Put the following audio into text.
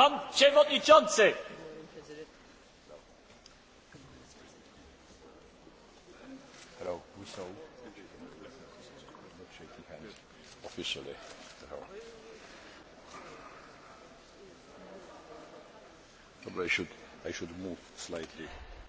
Pan Przewodniczący! officially. Probably I should, I should move slightly.